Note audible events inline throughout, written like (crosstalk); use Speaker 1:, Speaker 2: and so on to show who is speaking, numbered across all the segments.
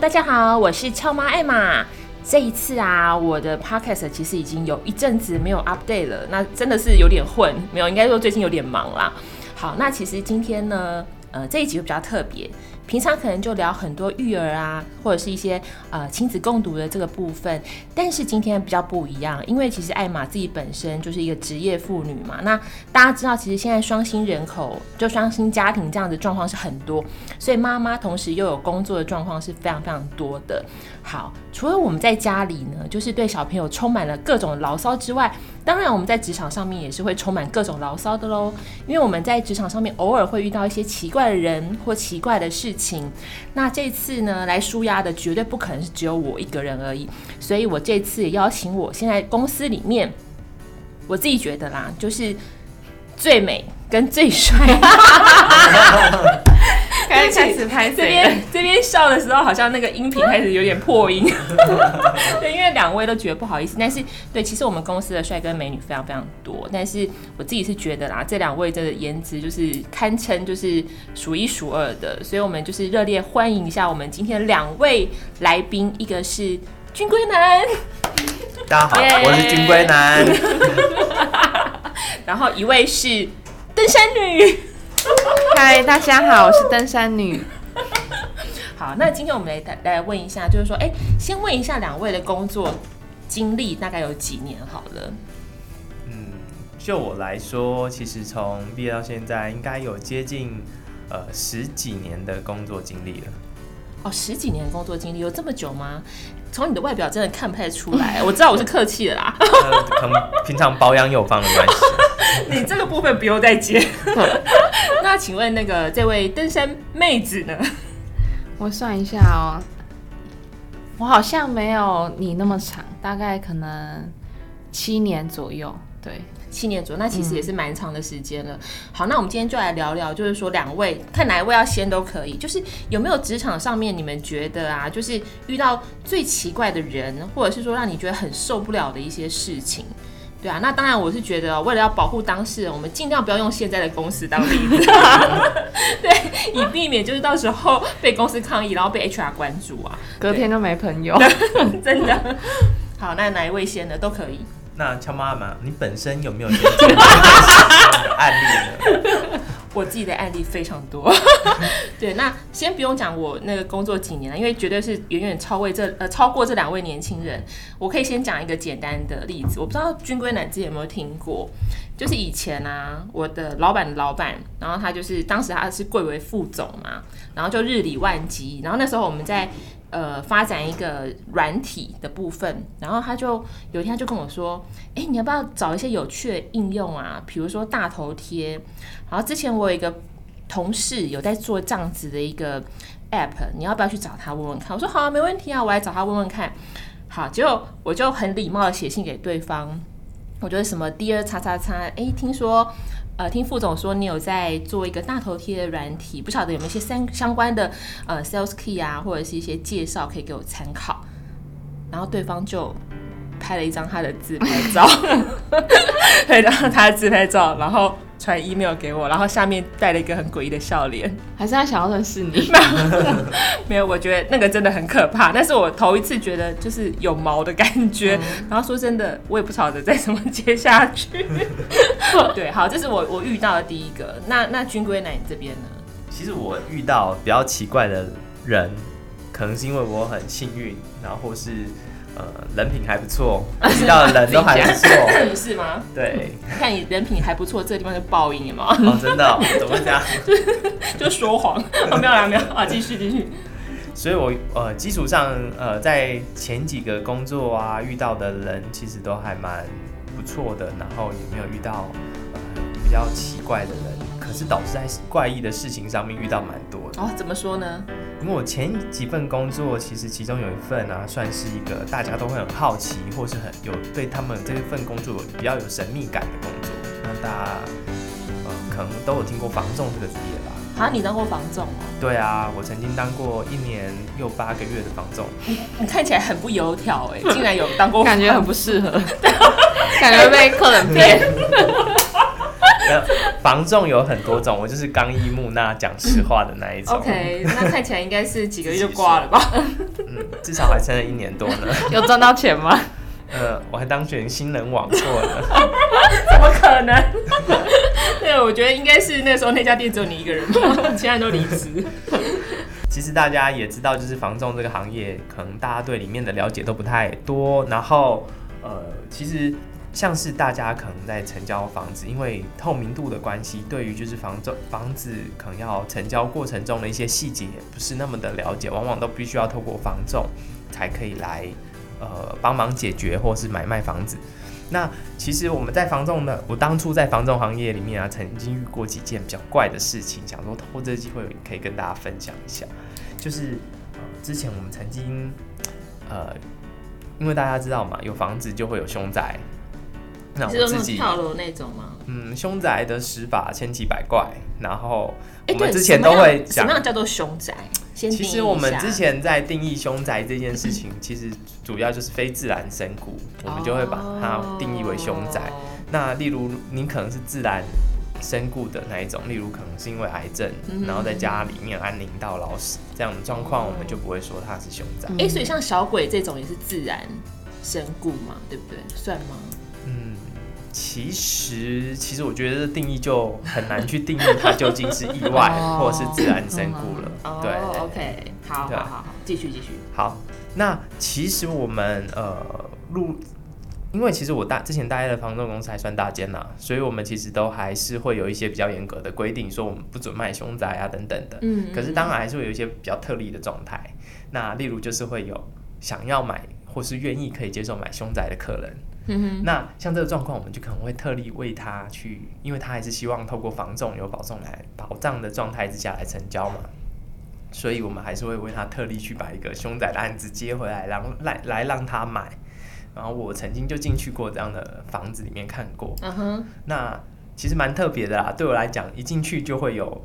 Speaker 1: 大家好，我是俏媽艾瑪。這一次啊，我的 podcast 其實已經有一陣子沒有 update 了，那真的是有點混，沒有，應該說最近有點忙啦。好，那其實今天呢，呃，這一集又比較特別。平常可能就聊很多育兒啊，或者是一些呃親子共讀的這個部分，但是今天比較不一樣，因為其實艾瑪自己本身就是一個職業婦女嘛。那大家知道，其實現在雙薪人口就雙薪家庭這樣的狀況是很多，所以媽媽同時又有工作的狀況是非常非常多的。好，除了我們在家裡呢，就是對小朋友充滿了各種牢騷之外，當然我們在職場上面也是會充滿各種牢騷的嘍。因為我們在職場上面偶爾會遇到一些奇怪的人或奇怪的事情。那這次呢來紓壓的絕對不可能是只有我一個人而已，所以我這次邀請我現在公司裡面，我自己覺得啦，就是最美跟最帥。 (laughs) (laughs)
Speaker 2: 開始對開始拍
Speaker 1: 這，這邊這邊笑的時候，好像那個音頻開始有點破音。 (laughs) (laughs) 對，因為兩位都覺得不好意思，但是對，其實我們公司的帥哥美女非常非常多，但是我自己是覺得啦，這兩位真的顏值就是堪稱就是數一數二的，所以我們就是熱烈歡迎一下我們今天兩位來賓，一個是軍規男。
Speaker 2: 大家好，欸、我是軍規
Speaker 1: 男， (laughs) (laughs) 然後一位是登山女。嗨，Hi, 大家好，我是登山女。 (laughs) 好，那今天我們來來問一下，就是說，誒，先問一下兩位的工作經歷，大概有幾年？好了，嗯，
Speaker 2: 就我來說，其實從畢業到現在，應該有接近呃十幾年的工作經歷
Speaker 1: 了。哦，十幾年的工作經歷，有這麼久嗎？從你的外表真的看不太出來，我知道我是客氣的啦，
Speaker 2: 可能平常保養有方的關係。
Speaker 1: (laughs) (laughs) (laughs) 你這個部分不用再接。 (laughs) (laughs) (laughs) 那請問那個這位登山妹子呢？我算一下哦，我好像沒有你那麼長，大概可能。七年左右，對，七年左右，那其實也是蠻長的時間了。嗯、好，那我們今天就來聊聊，就是說兩位，看哪一位要先都可以。就是有沒有職場上面你們覺得啊，就是遇到最奇怪的人，或者是說讓你覺得很受不了的一些事情，對啊。那當然，我是覺得、喔、為了要保護當事人，我們盡量不要用現在的公司當例子， (laughs) (laughs) 對，以避免就是到時候被公司抗議，然後被 HR 關注啊，隔天都沒朋友， (laughs) 真的。好，那哪一位先的都可以。
Speaker 2: 那俏媽媽，你本身有沒有什麼樣的案例呢？
Speaker 1: (laughs) 我自己的案例非常多。 (laughs) 對，那先不用講我那個工作幾年了，因為絕對是遠遠超過這呃、超過這兩位年輕人。我可以先講一個簡單的例子，我不知道軍規男之前有沒有聽過，就是以前啊，我的老闆的老闆，然後他就是當時他是貴為副總嘛，然後就日理萬機，然後那時候我們在。呃，發展一個軟體的部分，然後他就有一天他就跟我說：“哎、欸，你要不要找一些有趣的應用啊？比如說大頭貼。”然後之前我有一個同事有在做這樣子的一個 app，你要不要去找他問問看？我說好、啊，沒問題啊，我來找他問問看。好，結果我就很禮貌地寫信給對方，我覺得什麼第二叉叉叉，哎，聽說。呃，聽副總說你有在做一個大頭貼的軟體，不曉得有沒有一些相相關的呃 sales key 啊，或者是一些介紹可以給我參考。然後對方就拍了一張他的自拍照，拍了 (laughs) (laughs) 他的自拍照，然後。發 email 給我，然後下面帶了一個很詭異的笑臉，還是他想要認識你？ (laughs) 沒有，我覺得那個真的很可怕，但是我頭一次覺得就是有毛的感覺，嗯、然後說真的，我也不曉得再怎麼接下去。 (laughs) 對，好，這是我我遇到的第一個。那那軍規男你這邊呢？
Speaker 2: 其實我遇到比較奇怪的人，可能是因為我很幸運，然後或是。呃，人品還不錯，啊、遇到的人都還不錯，己 (laughs) 是不是嗎？對，
Speaker 1: 看你人品還不錯， (laughs) 這個地方就報應嗎？哦，真的、哦，怎麼這樣？就，就說謊？ (laughs) 哦，沒有啦，沒有啊，繼續，繼續。
Speaker 2: 所以我呃，基礎上呃，在前幾個工作啊遇到的人其實都還蠻不錯的，然後也沒有遇到呃比較奇怪的人，嗯、可是導致在怪異的事情上面遇到蠻多
Speaker 1: 的。哦，怎麼說呢？
Speaker 2: 因為我前幾份工作，其實其中有一份啊，算是一個大家都會很好奇，或是很有對他們這份工作有比較有神秘感的工作。那大家、呃、可能都有聽過房仲這個職業
Speaker 1: 吧？啊，你當過房仲哦？
Speaker 2: 對啊，我曾經當過一年又八個月的房仲。
Speaker 1: 你看起來很不油條哎、欸，竟然有當過，感覺很不適合， (laughs) (laughs) 感覺被客人騙。 (laughs)
Speaker 2: 嗯、房仲有很多種，我就是剛毅木訥講實話的那一種。OK，那看
Speaker 1: 起來應該是幾個月就掛了吧？嗯，至少還撐了一年多呢。有賺到錢嗎？
Speaker 2: 呃，我還當選新人網課了。
Speaker 1: 怎麼可能？ (laughs) 對，我覺得應該是那時候那家店只有你一個人嘛，其他人都離職。
Speaker 2: 其實大家也知道，就是房仲這個行業，可能大家對裡面的了解都不太多。然後，呃，其實。像是大家可能在成交房子，因為透明度的關係，對於就是房仲房子可能要成交過程中的一些細節，不是那麼的了解，往往都必須要透過房仲才可以來呃幫忙解決，或是買賣房子。那其實我們在房仲呢，我當初在房仲行業裡面啊，曾經遇過幾件比較怪的事情，想說透過這個機會可以跟大家分享一下，就是、呃、之前我們曾經呃，因為大家知道嘛，有房子就會有凶宅。是自己跳樓那，那種嗎？嗯，兇宅的死法千奇百怪，然後我們之前都會講，欸對，什麼什麼樣
Speaker 1: 叫做兇宅？其實我們之前
Speaker 2: 在定義兇宅這件事情，嗯、哼其實主要就是非自然身故，嗯、哼我們就會把它定義為兇宅。哦，那例如你可能是自然身故的那一種，例如可能是因為癌症，嗯、哼然後在家裡面安寧到老死，嗯，哼這樣狀況，我們就不會說他是兇宅。哎，嗯哼欸，所
Speaker 1: 以像小鬼這種也是自然身故嘛，對不對？算嗎？
Speaker 2: 其實，其實我覺得這定義就很難去定義它究竟是意外 (laughs) 或是自然身故了。 (coughs) 對，OK，好， (coughs) 對好好好，繼續繼續。好，那其實我們呃入，因為其實我大之前待的房仲公司還算大間吶、啊，所以我們其實都還是會有一些比較嚴格的規定，說我們不准賣凶宅啊等等的。嗯嗯嗯，可是當然還是會有一些比較特例的狀態。那例如就是會有想要買或是願意可以接受買凶宅的客人。 (noise) 那像這個狀況，我們就可能會特地為他去，因為他還是希望透過房仲有保重來保障的狀態之下來成交嘛，所以我們還是會為他特地去把一個凶宅的案子接回來，然後來來讓他買。然後我曾經就進去過這樣的房子裡面看過、uh，huh. 那其實蠻特別的啦。對我來講，一進去就會有。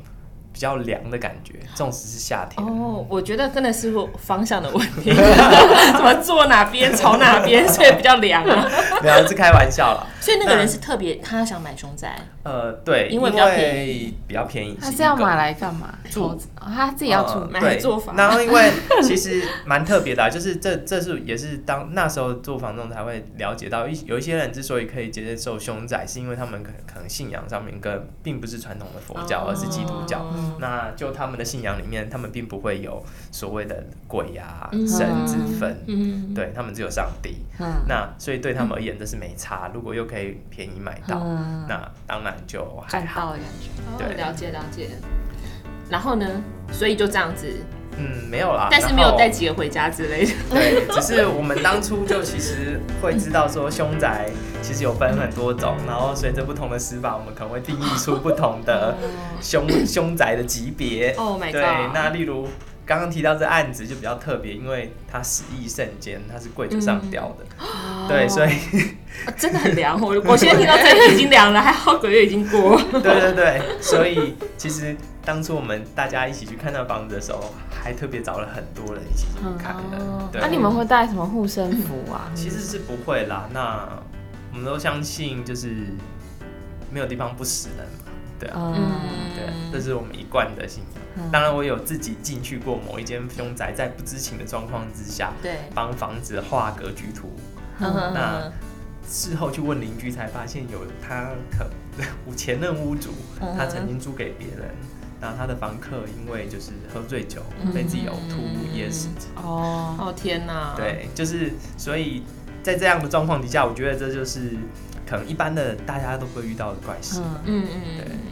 Speaker 2: 比較涼的感覺，縱使是夏天。
Speaker 1: 哦，oh, 我覺得真的是方向的問題， (laughs) 怎麼坐哪邊朝哪邊，所以比較涼，啊。
Speaker 2: 涼 (laughs) 是開玩笑了。所以那個人
Speaker 1: 是特別，那他想買凶宅。呃，對，因為比較便
Speaker 2: 宜，比較便宜。他是要
Speaker 1: 買來幹嘛？住，哦，他自己要住。呃、買做對，然後因為
Speaker 2: 其實蠻特別的，啊， (laughs) 就是這這是也是當那時候做房東才會了解到，一有一些人之所以可以接受凶宅，是因為他們可可能信仰上面跟並不是傳統的佛教，oh. 而是基督教。那就他們的信仰裡面，他們並不會有所謂的鬼啊神、嗯、哼之分，嗯、哼對他們只有上帝。嗯、哼那所以對他們而言，這是沒差。嗯、哼如果又可以便宜買到，嗯、哼那當然就還好感
Speaker 1: 覺，對、哦、了解了解。然後呢？所以就這樣子。
Speaker 2: 嗯，沒有啦。但是沒有帶
Speaker 1: 幾個回家之類的。對， (laughs)
Speaker 2: 只是我們當初就其實會知道說凶宅其實有分很多種，然後隨着不同的死法，我們可能會定義出不同的凶凶 (laughs) 宅的級別。哦、Oh my God！對，那例如。剛剛提到這案子，就比較特別，因為他死意甚堅，他是跪着上吊的，嗯、
Speaker 1: 對，所以、啊、真的很涼、哦。 (laughs) 我我現在聽到這已經涼了， (laughs) 還好鬼月已經過。對對對，
Speaker 2: 所以其實當初我們大家一起去看那房子的時候，還特別找了很多人一起去看的。那你們會
Speaker 1: 帶什麼護身符啊？嗯、其
Speaker 2: 實是不會啦，那我們都相信就是沒有地方不死人。對嗯，對，這是我們一貫的信仰。嗯、當然，我有自己進去過某一間凶宅，在不知情的狀況之下，幫對房子畫格局圖。那事後去問鄰居，才發現有他前前任屋主，他曾經租給別人，呵呵然後，他的房客因為就是喝醉酒，嗯、被自己嘔吐噎死。Yes, 哦
Speaker 1: 哦，天哪！啊、對，
Speaker 2: 就是所以。在這樣的狀況底下，我覺得這就是可能一般的大家都會遇到的怪事嗯。對
Speaker 1: 嗯。嗯嗯嗯，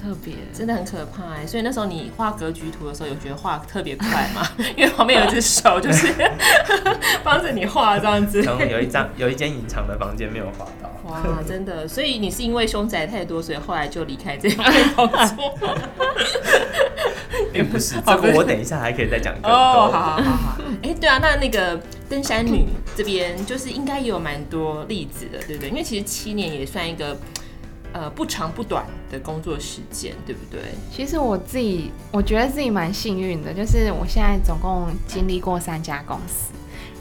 Speaker 1: 對，蠻特別，真的很可怕哎、欸。所以那時候你畫格局圖的時候，有覺得畫特別快嗎？ (laughs) 因為旁邊有一只手，就是幫着 (laughs) (laughs) 你畫這樣子。有有，一
Speaker 2: 張有一間隱藏的房間沒有畫到。
Speaker 1: 哇，真的！所以你是因為凶宅太多，所以後來就離開這份工
Speaker 2: 作。並、 (laughs) (laughs) 欸、不是，這個我等一下還可以再講。哦，好好好
Speaker 1: 好。哎、欸、對啊，那那個登山女。 (coughs) 這邊就是應該也有蠻多例子的，對不對？因為其實七年也算一個呃不長不短的工作時間，對不對？其實我自己我覺得自己蠻幸運的，就是我現在總共經歷過三家公司，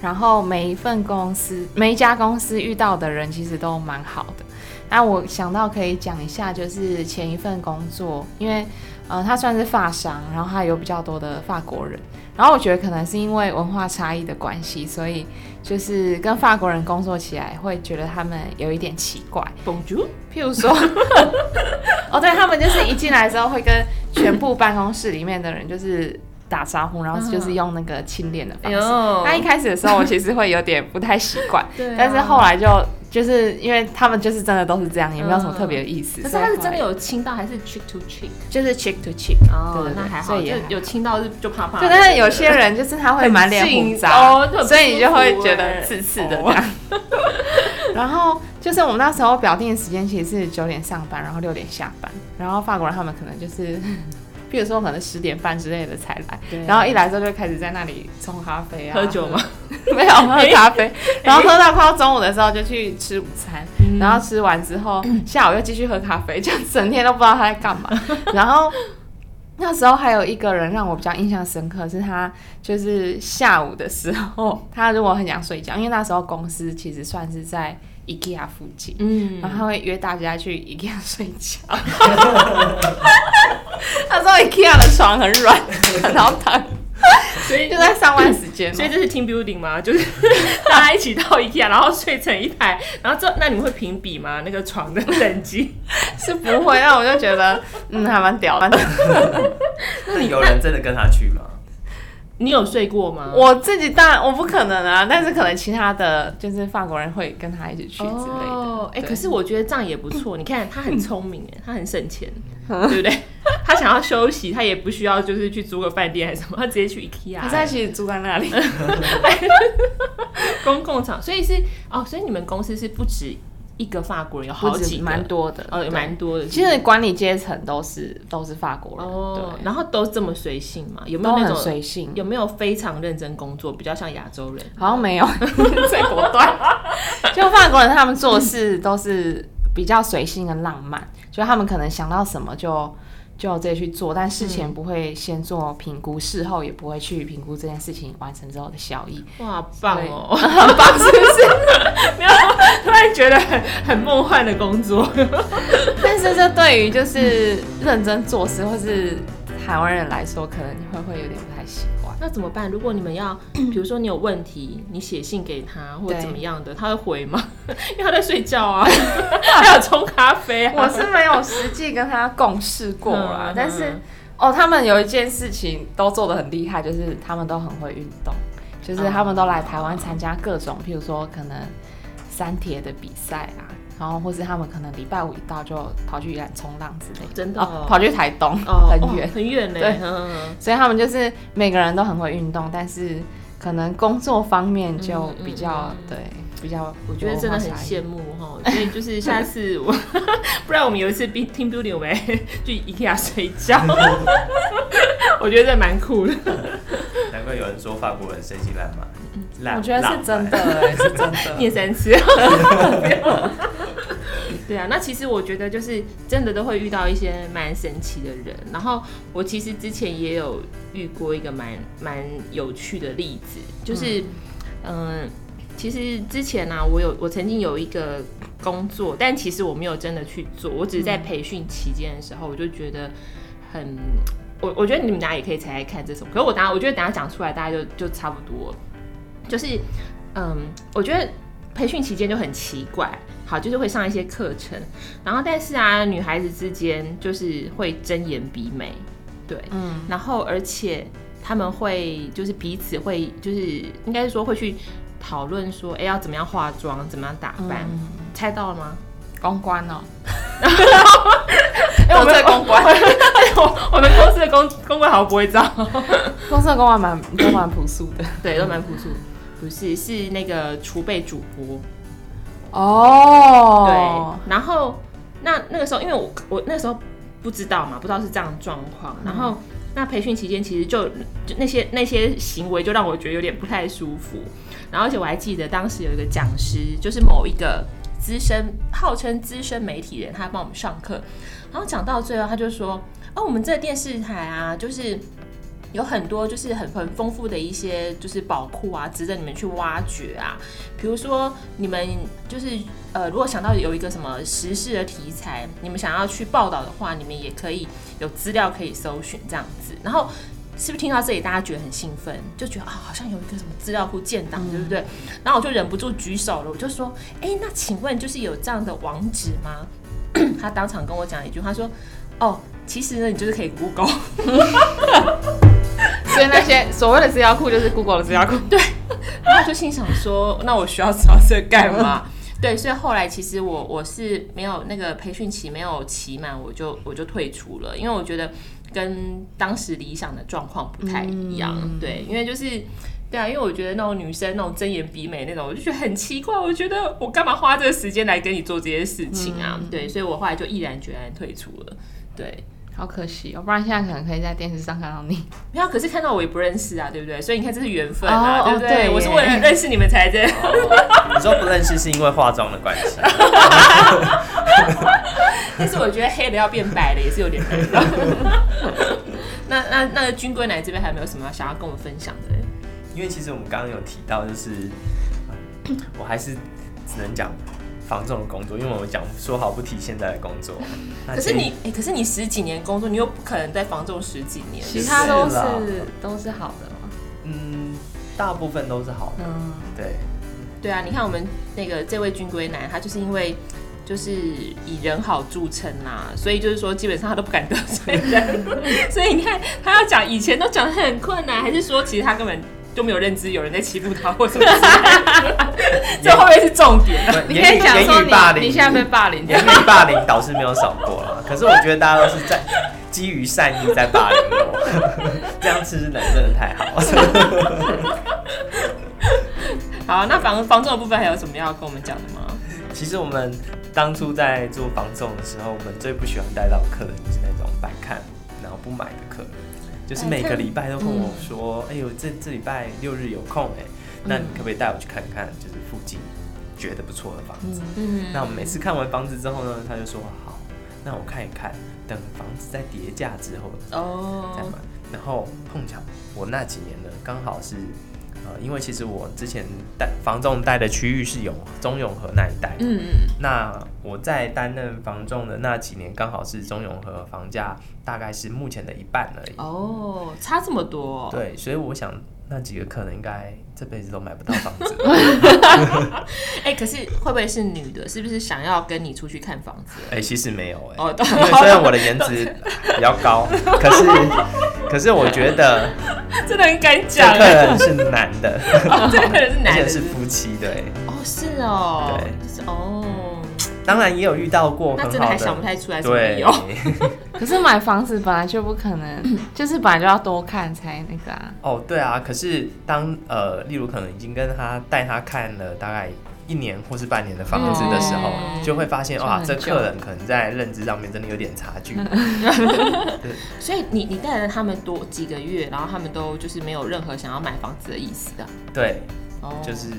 Speaker 1: 然後每一份公司每一家公司遇到的人其實都蠻好的。那我想到可以講一下，就是前一份工作，因為呃他算是法商，然後他有比較多的法國人。然後我覺得可能是因為文化差異的關係，所以就是跟法國人工作起來會覺得他們有一點奇怪。Bonjour，譬如說， (laughs) (laughs) 哦，對，他們就是一進來之後會跟全部辦公室裡面的人就是打招呼，然後就是用那個親臉的方式。那、oh. 一開始的時候我其實會有點不太習慣， (laughs) 啊、但是後來就。就是因為他們就是真的都是這樣，也沒有什麼特別的意思。可、嗯、以是他是真的有親到，還是 cheek to cheek 就是 cheek to cheek 哦？對對對，那還好，所以也就有親到就啪啪就怕怕。對，但是有些人就是他會滿臉鬍渣，所以你就會覺得刺刺的這樣。哦、 (laughs) 然後就是我們那時候表定的時間其實是九點上班，然後六點下班，然後法國人他們可能就是、嗯。比如說，可能十點半之類的才來，啊、然後一來之後就開始在那裡沖咖啡啊，喝酒嗎呵呵？沒有，喝咖啡， (laughs) 然後喝到快要中午的時候就去吃午餐， (laughs) 然後吃完之後 (laughs) 下午又繼續喝咖啡，這樣整天都不知道他在幹嘛。 (laughs) 然後那時候還有一個人讓我比較印象深刻，是他就是下午的時候，他如果很想睡覺，因為那時候公司其實算是在。IKEA 附近，嗯、然後他會約大家去 IKEA 睡覺。嗯、 (laughs) 他說 IKEA 的床很軟，很好躺，所以 (laughs) 就在上班時間。嗯、所以這是 team building 嗎？ (laughs) 就是大家一起到 IKEA，然後睡成一台。然後這，那你們會評比嗎？那個床的等級是不會。那 (laughs) (laughs) 我就覺得，嗯，還蠻屌的。那
Speaker 2: (laughs) 有人真的跟他去嗎？
Speaker 1: 你有睡過嗎？我自己大我不可能啊，但是可能其他的就是法國人會跟他一起去之類的。哎，可是我覺得這樣也不錯。你看他很聰明哎，他很省錢， (laughs) 對不對？他想要休息， (laughs) 他也不需要就是去租個飯店還是什麼，他直接去 IKEA，他其實租在那裡？ (laughs) (laughs) 公共場，所以是哦，所以你們公司是不止。一個法國人有好幾，蠻多的，呃、哦，蠻多的。其實管理階層都是都是法國人，然後都這麼隨性嘛？有沒有那種隨性？有沒有非常認真工作？比較像亞洲人？好像沒有，最果斷。 (laughs) 就法國人他們做事都是比較隨性跟浪漫，就他們可能想到什麼就。就要自己去做，但事前不會先做評估，事後、嗯、也不會去評估這件事情完成之後的效益。哇，好棒哦！對 (laughs) 好棒是不是？你有沒有突然覺得很很夢幻的工作。但是這對於就是認真做事、嗯、或是台灣人來說，可能你會不會有點不太行。那怎麼辦？如果你們要，比如說你有問題，你寫信給他或者怎麼樣的，對他會回嗎？因為他在睡覺啊，他 (laughs) (laughs) 有沖咖啡啊。我是沒有實際跟他共事過啦，嗯嗯，但是哦，他們有一件事情都做得很厲害，就是他們都很會運動，就是他們都來台灣參加各種，譬如說可能三鐵的比賽啊。然後，或是他們可能禮拜五一到就跑去宜蘭衝浪之類，真的跑去台東，很遠，很遠嘞。對，所以他們就是每個人都很會運動，但是可能工作方面就比較對比較。我覺得真的很羨慕哈，所以就是下次我，不然我們有一次 team building 我們來去 IKEA 睡覺，我覺得這蠻酷的。難怪有
Speaker 2: 人說法國人神經爛嘛。老我覺得是真的。白是真的，是真的，念三次，
Speaker 1: 對啊，那其實我覺得就是真的都會遇到一些蠻神奇的人。然後我其實之前也有遇過一個蠻蠻有趣的例子，就是嗯、呃，其實之前呢、啊，我有我曾經有一個工作，但其實我沒有真的去做，我只是在培訓期間的時候，我就覺得很，嗯、我我覺得你們大家也可以猜猜看這種，可是我等下，我覺得等下講出來大，大家就就差不多。就是，嗯，我覺得培訓期間就很奇怪，好，就是會上一些課程，然後但是啊，女孩子之間就是會睜眼比美，對，嗯，然後而且他們會就是彼此會就是應該是說會去討論說，哎、欸，要怎麼樣化妝，怎麼樣打扮，嗯、猜到了嗎？公關哦，我
Speaker 2: 們在公關，
Speaker 1: 我我們公司的公公關好像不會招， (laughs) 公司的公關蠻都蠻樸素的，對，都蠻樸素的。不是，是那個儲備主播哦。Oh. 對，然後那那個時候，因為我我那時候不知道嘛，不知道是這樣的狀況。嗯、然後那培訓期間，其實就就那些那些行為，就讓我覺得有點不太舒服。然後，而且我還記得當時有一個講師，就是某一個資深，號稱資深媒體人，他幫我們上課。然後講到最後，他就說：“哦，我們這電視台啊，就是。”有很多就是很很豐富的一些就是寶庫啊，值得你們去挖掘啊。比如說你們就是呃，如果想到有一個什麼時事的題材，你們想要去報道的話，你們也可以有資料可以搜尋這樣子。然後是不是聽到這裡大家覺得很興奮，就覺得啊、哦，好像有一個什麼資料庫建檔，嗯、對不對？然後我就忍不住舉手了，我就說，哎、欸，那請問就是有這樣的網址嗎？ (coughs) 他當場跟我講一句話，他說，哦，其實呢，你就是可以 Google。 (laughs) (laughs) (laughs) 所以那些所謂的資料庫就是 Google 的資料庫， (laughs) 對。然後就心想說， (laughs) 那我需要找這幹嘛？ (laughs) 對，所以後來其實我我是沒有那個培訓期沒有期滿，我就我就退出了，因為我覺得跟當時理想的狀況不太一樣，嗯、對。因為就是對啊，因為我覺得那種女生那種爭妍比美那種，我就覺得很奇怪，我覺得我幹嘛花這個時間來跟你做這些事情啊？嗯、對，所以我後來就毅然決然退出了，對。好可惜，要不然現在可能可以在電視上看到你。沒有，可是看到我也不認識啊，對不對？所以你看，這是緣分啊，oh, 對不對？對耶我是為了認識你們才這樣。
Speaker 2: Oh, oh. (laughs) 你說不認識是因為化妝的關係。
Speaker 1: (laughs) (laughs) 但是我覺得黑的要變白的也是有點難。那那那軍規男，這邊還有沒有什麼想要跟我們分享的？因為其實我們剛
Speaker 2: 剛有提到，就是、嗯、我還是只能講。防重的工作，因為我們講說好不提現在的工作。嗯、可是你，
Speaker 1: 哎、欸，可是你十幾年工作，你又不可能再防重十幾年，其他都是,是都是好的。嗯，
Speaker 2: 大部分都是好的。嗯，
Speaker 1: 對。對啊，你看我們那個這位軍規男，他就是因為就是以人好著稱吶、啊，所以就是說基本上他都不敢得罪人。 (laughs) (laughs) 所以你看他要講以前都講得很困難，還是說其實他根本。就沒有認知，有人在欺負他，或者什麼是的。也這後面是重點。言語言語霸凌，你現在被霸凌，言語霸凌倒是沒有少過
Speaker 2: 了。 (laughs) 可是我覺得大家都是在基於善意在霸凌我，哦，這樣其實真真的太好。
Speaker 1: (laughs) 好，那房房仲的部分還有什麼要跟我們講的嗎？
Speaker 2: 其實我們當初在做房仲的時候，我們最不喜歡帶到客人就是那種白看然後不買的客人。就是每個禮拜都跟我說，哎呦，這這禮拜六日有空哎、欸，那你可不可以帶我去看看？就是附近覺得不錯的房子。嗯嗯、那我們每次看完房子之後呢，他就說好，那我看一看，等房子再跌價之後
Speaker 1: 再買。哦、
Speaker 2: 然後碰巧我那幾年呢，剛好是。呃、因為其實我之前帶房仲帶的區域是永中永和那一帶，嗯嗯，那我在擔任房仲的那幾年，剛好是中永和房價大概是目前的一半而已。
Speaker 1: 哦，差這麼多，哦？對，
Speaker 2: 所以我想那幾個可能應該這輩子都買不到房子。哎
Speaker 1: (laughs) (laughs) 欸，可是會不會是女的？是不是想要跟你出去看房子？哎、欸，其實沒有哎、欸， (laughs) 因為雖然我的顏值比較高，
Speaker 2: 可是。 (laughs) (laughs) 可是我覺得
Speaker 1: 真的很敢講，這個人是男
Speaker 2: 的，這個人是男的， (laughs) 是夫妻對
Speaker 1: 哦，是哦，對、就是、哦、嗯，當然
Speaker 2: 也有遇到過很好的，那真的，還想不太出來有
Speaker 1: 對， (laughs) 可是買房子本來就不可能，就是本來就要多看才那個啊。
Speaker 2: 哦，對啊，可是當呃，例如可能已經跟他帶他看了大概。一年或是半年的房子的時候，oh. 就會發現哇，這客人可能在認知上面真的有點差距。
Speaker 1: (laughs) 對所以你你帶了他們多幾個月，然後他們都就是沒有任何想要買房子的意思的。
Speaker 2: 對。Oh, 就是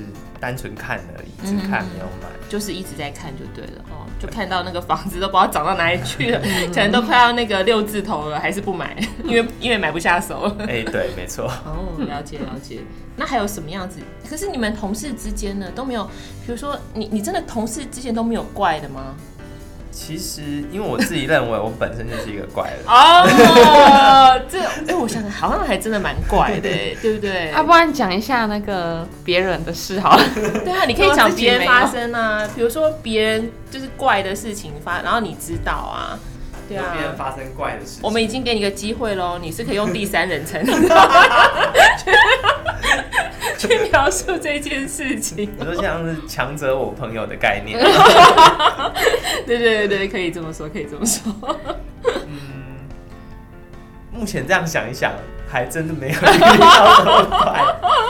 Speaker 2: 單純看而已，嗯、哼只看沒有買，
Speaker 1: 就是一直在看就對了。對哦，就看到那個房子都不知道漲到哪裡去了，可能 (laughs) 都快要那個六字頭了，還是不買， (laughs) 因為因為買不下手。哎、欸，對，沒錯。哦，了解了解。那還有什麼樣子？可是你們同事之間呢都沒有，比如說你你真的同事之前都沒有怪的嗎？
Speaker 2: 其實，因為我自己認為，我本身就是一個怪人。哦。這，
Speaker 1: 哎、欸，我想好像還真的蠻怪的，欸， (laughs) 對，對不對？啊不然講一下那個別人的事好了？ (laughs) 對啊，你可以講別人發生啊， (laughs) 比如說別人就是怪的事情發，然後你知道啊。對啊，別人發生怪的事情。我們已經給你個機會嘍，你是可以用第三人稱 (laughs)
Speaker 2: (laughs) (laughs) 去描
Speaker 1: 述這件事情喔。比如說像
Speaker 2: 是強者我朋友的概念，
Speaker 1: (laughs) 對對對對，可以這麼說，可以這麼說。
Speaker 2: 嗯，目前這樣想一想，還真的沒有遇
Speaker 1: 到這麼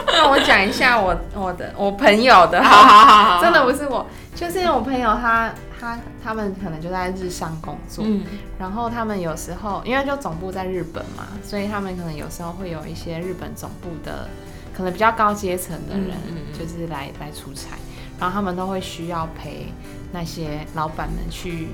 Speaker 1: (laughs) 那我講一下我我的我朋友的。好好好好好，真的不是我，就是因為我朋友他。他他們可能就在日商工作，嗯、然後他們有時候因為就總部在日本嘛，所以他們可能有時候會有一些日本總部的可能比較高階層的人，嗯嗯、就是來來出差，然後他們都會需要陪那些老闆們去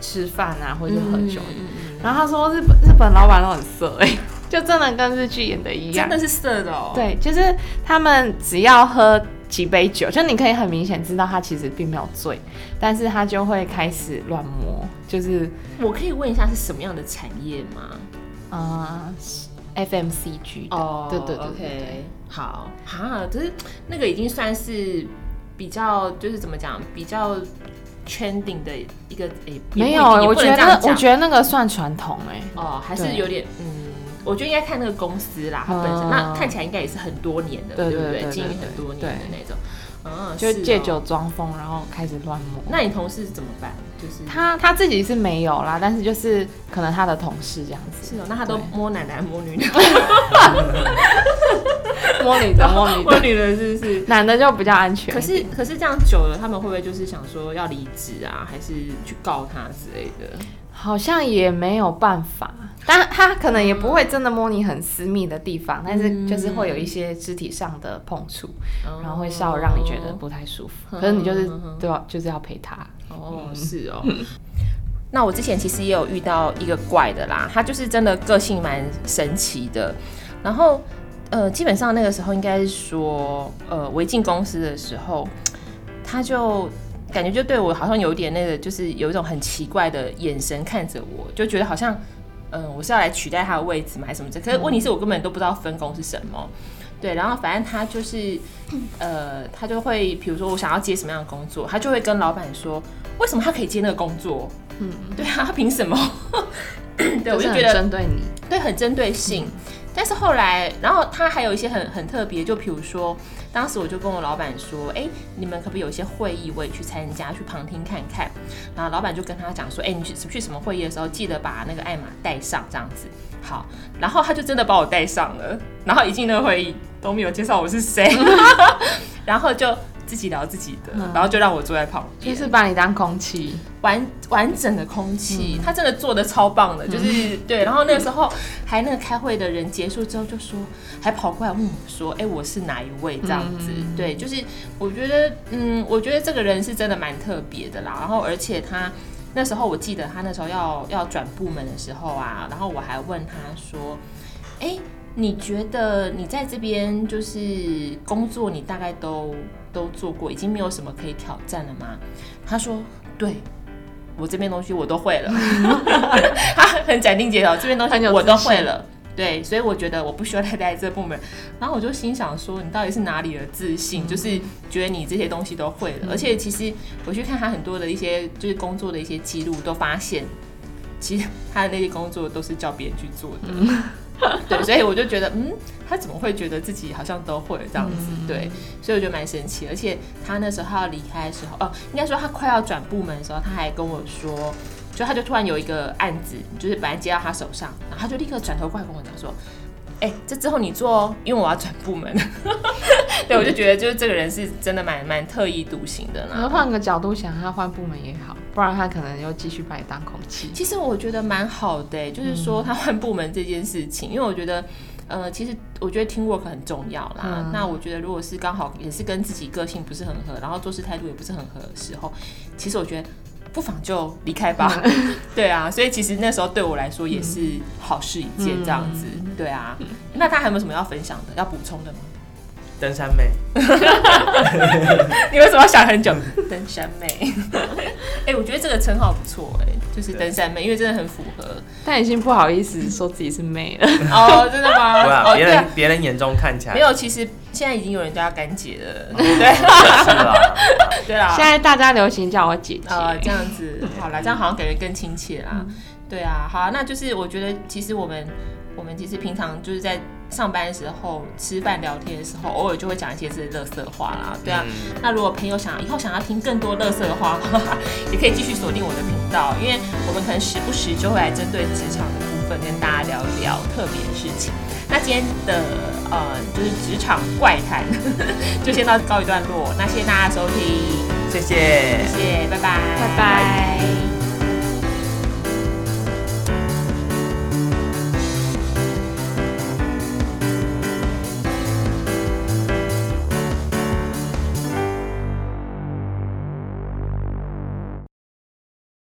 Speaker 1: 吃飯啊，或者是喝酒。嗯、然後他說日本日本老闆都很色哎、欸，就真的跟日劇演的一樣，真的是色的哦。對，就是他們只要喝。幾杯酒，就你可以很明顯知道他其實並沒有醉，但是他就會開始亂摸。就是我可以問一下是什麼樣的產業嗎？啊，FMCG、呃。哦，oh, 對對對，OK，對對對好啊，就是那個已經算是比較，就是怎麼講，比較圈 r 的一個誒，欸、沒有，我覺得那我覺得那個算傳統哎、欸。哦，oh, 還是有點對嗯。我覺得應該看那個公司啦，他本身、嗯、那看起來應該也是很多年的，對不對，對，對？經營很多年的那種，對對對對，嗯，就借酒裝瘋，哦、然後開始亂摸。那你同事怎麼辦？就是他他自己是沒有啦，但是就是可能他的同事這樣子。是哦，那他都摸男的、摸女的，對 (laughs) (laughs) 摸女的，摸女的，摸，你的 (laughs) 摸女的是不是？ (laughs) 男的就比較安全。可是可是這樣久了，他們會不會就是想說要離職啊，還是去告他之類的？好像也沒有辦法，但他可能也不會真的摸你很私密的地方，嗯、但是就是會有一些肢體上的碰觸，嗯、然後會稍微讓你覺得不太舒服。嗯、可是你就是都要、啊、就是要陪他、嗯、哦，是哦。 (laughs) 那我之前其實也有遇到一個怪的啦，他就是真的個性蠻神奇的。然後呃，基本上那個時候應該是說呃維靖公司的時候，他就。感覺就對我好像有點那個，就是有一種很奇怪的眼神看着我，就覺得好像，嗯，我是要來取代他的位置嗎？還是什麼？可是問題是我根本都不知道分工是什麼。嗯、對，然後反正他就是，呃，他就會，比如說我想要接什麼樣的工作，他就會跟老闆說，為什麼他可以接那個工作？嗯，對啊，他憑什麼？ (laughs) 對，就是我就覺得針對你，對，很針對性。嗯但是後來，然後他還有一些很很特別，就譬如說，當時我就跟我老闆說，哎、欸，你們可不可以有一些會議我也去參加，去旁聽看看？然後老闆就跟他講說，哎、欸，你去去什麼會議的時候，記得把那個艾瑪帶上這樣子。好，然後他就真的把我帶上了，然後一進那個會議都沒有介紹我是誰， (laughs) 然後就。自己聊自己的，嗯、然後就讓我坐在旁邊，就是把你當空氣，完、嗯、完整的空氣，嗯、他真的做得超棒的，嗯、就是對。然後那個時候還那個開會的人結束之後就說，嗯、還跑過來問我說：“哎、欸，我是哪一位？”這樣子，嗯嗯對，就是我覺得，嗯，我覺得這個人是真的蠻特別的啦。然後而且他那時候我記得他那時候要要轉部門的時候啊，然後我還問他說：“哎、欸，你覺得你在這邊就是工作，你大概都？”都做過，已經沒有什麼可以挑戰了嗎？他說：“對，我這邊東西我都會了。” (laughs) (laughs) 他很斬釘截鐵，這邊東西我都會了。對，所以我覺得我不需要待在這部門。然後我就心想說：“你到底是哪裡的自信？嗯、就是覺得你這些東西都會了？嗯、而且其實我去看他很多的一些就是工作的一些記錄，都發現其實他的那些工作都是叫別人去做的。嗯” (laughs) 對，所以我就覺得，嗯，他怎麼會覺得自己好像都會這樣子？嗯、對，所以我覺得蠻神奇。而且他那時候他要離開的時候，哦，應該說他快要轉部門的時候，他還跟我說，就他就突然有一個案子，就是本來接到他手上，然後他就立刻轉頭過來跟我講說。哎、欸，這之後你做，哦，因為我要轉部門。
Speaker 2: (laughs) 對，我就覺
Speaker 1: 得就是這個人是真的蠻蠻特立獨行的啦。嗯、換個角度想，他換部門也好，不然他可能又繼續把你當空氣。其實我覺得蠻好的、欸，就是說他換部門這件事情，嗯、因為我覺得，呃，其實我覺得 teamwork 很重要啦。嗯、那我覺得如果是剛好也是跟自己個性不是很合，然後做事態度也不是很合的時候，其實我覺得。不妨就離開吧，對啊，所以其實那時候對我來說也是好事一件這樣子，對啊。那他還有沒有什麼要分享的，要補充的嗎？登山妹， (laughs) 你為什麼要想很久？登山妹，哎，我覺得這個稱號不錯哎、欸，就是登山妹，對因為真的很符合。但已經不好意思說自己是妹了。 (laughs) 哦，真的嗎？別、哦、對啊、人
Speaker 2: 別人眼中看起來沒有。
Speaker 1: 其實現在已經有人叫她乾姐了。哦、對對啊。 (laughs) (laughs) 現在大家流行叫我姐姐，呃、這樣子。好了，這樣好像感覺更親切啦。嗯、對啊，好啊，那就是我覺得其實我們。我們其實平常就是在上班的時候，吃飯聊天的時候，偶爾就會講一些是垃圾話啦，對啊。嗯、那如果朋友想以後想要聽更多垃圾的話呵呵，也可以繼續鎖定我的頻道，因為我們可能時不時就會來針對職場的部分跟大家聊一聊特別的事情。那今天的呃，就是職場怪談，呵呵就先到告一段落。那謝謝大家收聽，謝謝，謝謝，拜拜，拜拜。